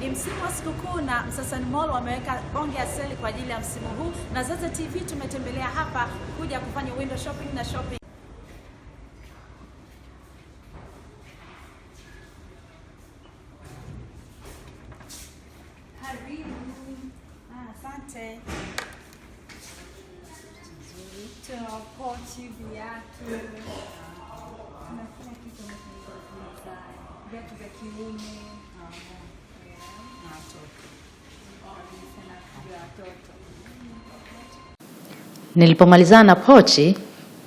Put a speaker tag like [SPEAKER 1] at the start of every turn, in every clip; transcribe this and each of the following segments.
[SPEAKER 1] Ni msimu wa sikukuu na Msasani Mall wameweka bonge ya seli kwa ajili ya msimu huu, na Zaza TV tumetembelea hapa kuja kufanya window shopping na shopping.
[SPEAKER 2] pochi, viatu na kila kitu vya kiume na watoto. Nilipomalizana na pochi,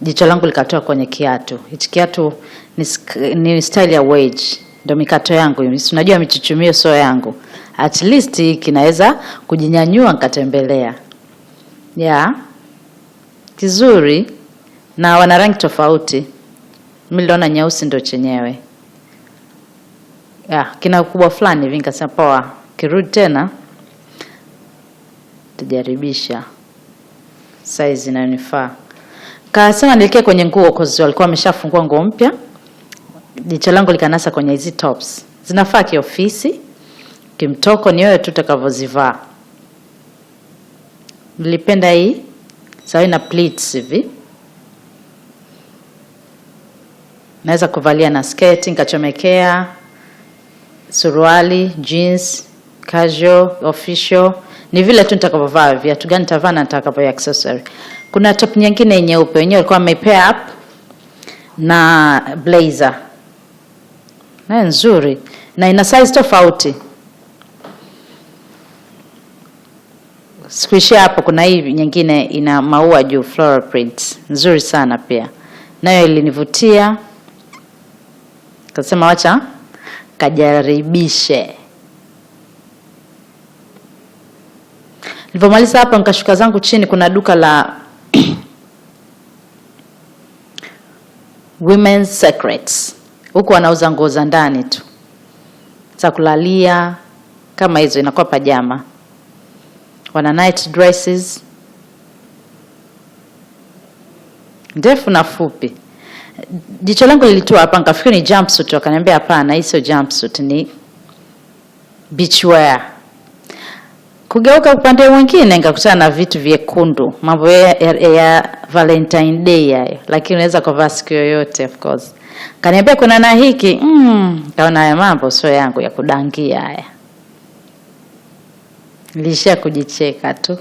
[SPEAKER 2] jicho langu likatoa kwenye kiatu. Hichi kiatu ni, ni style ya wedge, ndio mikato yangu. Unajua michuchumio sio yangu, at least kinaweza kujinyanyua nikatembelea. Yeah, kizuri na wana rangi tofauti. Mimi niliona nyeusi ndio chenyewe ya, kina ukubwa fulani hivi, nikasema poa, kirudi tena tajaribisha size inayonifaa. Kasema nilekee kwenye nguo cause walikuwa wameshafungua nguo mpya. Jicho langu likanasa kwenye hizi tops, zinafaa kiofisi, kimtoko ni wewe tu utakavyozivaa. Nilipenda hii sawa, ina pleats hivi naweza kuvalia na sketi nikachomekea suruali, jeans, casual, official ni vile tu nitakavyovaa, viatu gani nitavaa na nitakavyo accessory. Kuna top nyingine nyeupe wenyewe walikuwa wame pair up na blazer. Na nzuri na ina size tofauti. Sikuishia hapo, kuna hii nyingine ina maua juu floral print. Nzuri sana pia. Nayo ilinivutia. Kasema wacha kajaribishe. Nilipomaliza hapo nikashuka zangu chini, kuna duka la Women's Secrets. Huko wanauza nguo za ndani tu za kulalia kama hizo, inakuwa pajama, wana night dresses ndefu na fupi. Jicho langu lilitua hapa nikafikiri ni jumpsuit, wakaniambia hapana, hii sio jumpsuit, ni beachwear. Kugeuka upande mwingine nikakutana na vitu vyekundu, mambo ya, ya, ya Valentine Day hayo, lakini unaweza kuvaa siku yoyote of course. Kaniambia kuna na hiki mm, kaona haya mambo sio yangu ya kudangia haya, nilishia kujicheka tu.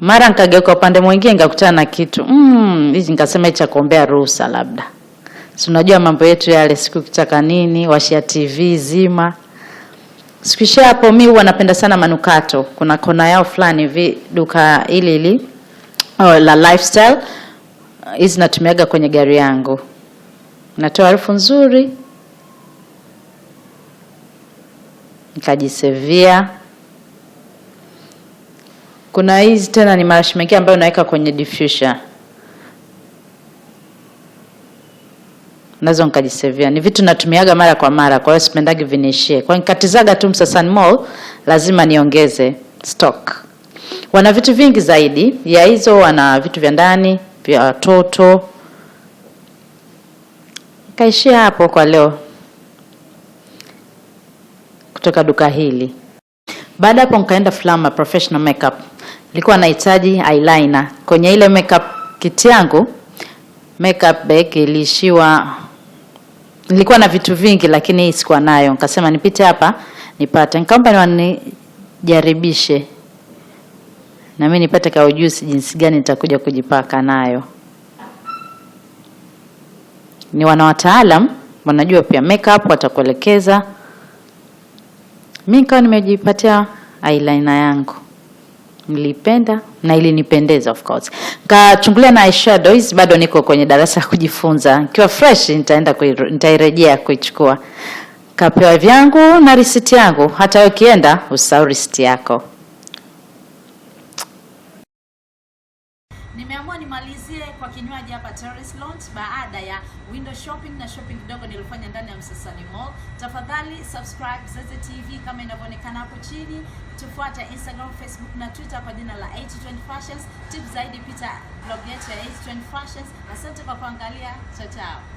[SPEAKER 2] mara nkageuka upande mwingine nkakutana na kitu mm, hizi nikasema kuombea ruhusa labda. Si unajua mambo yetu yale, siku kitaka nini washia TV zima. Sikuishia hapo, mi huwa napenda sana manukato. Kuna kona yao fulani hivi duka hili hili oh, la lifestyle hizi natumiaga kwenye gari yangu, natoa harufu nzuri, nikajisevia kuna hizi tena ni marashi mengine ambayo unaweka kwenye diffuser. Nazo nikajisevia. Ni vitu natumiaga mara kwa mara, kwa hiyo sipendagi viniishie. Kwa nikatizaga tu Msasani Mall, lazima niongeze stock. Wana vitu vingi zaidi ya hizo, wana vitu vya ndani, vya watoto. Kaishia hapo kwa leo kutoka duka hili. Baada hapo nikaenda Flama professional makeup. Nilikuwa nahitaji eyeliner. Kwenye ile makeup kit yangu makeup bag ilishiwa, nilikuwa na vitu vingi lakini hii sikuwa nayo. Nikasema nipite hapa nipate, nikaomba wanijaribishe na mimi nipate ka ujuzi jinsi gani nitakuja kujipaka nayo. Ni wana wataalam wanajua pia makeup, watakuelekeza mi nikawa nimejipatia eyeliner yangu nilipenda na ilinipendeza of course. Nikachungulia na eyeshadows, bado niko kwenye darasa ya kujifunza. Nikiwa fresh nitaenda nitairejea kuichukua. Kapewa vyangu na risiti yangu, hata ukienda usahau risiti yako.
[SPEAKER 1] tumalizie kwa kinywaji hapa Terrace Lounge, baada ya window shopping na shopping kidogo nilifanya ndani ya Msasani Mall. Tafadhali subscribe Zeze TV kama inavyoonekana hapo chini, tufuate Instagram, Facebook na Twitter kwa jina la 820 Fashions. tip zaidi pita blog yetu ya 820 Fashions. Asante kwa kuangalia, chao chao.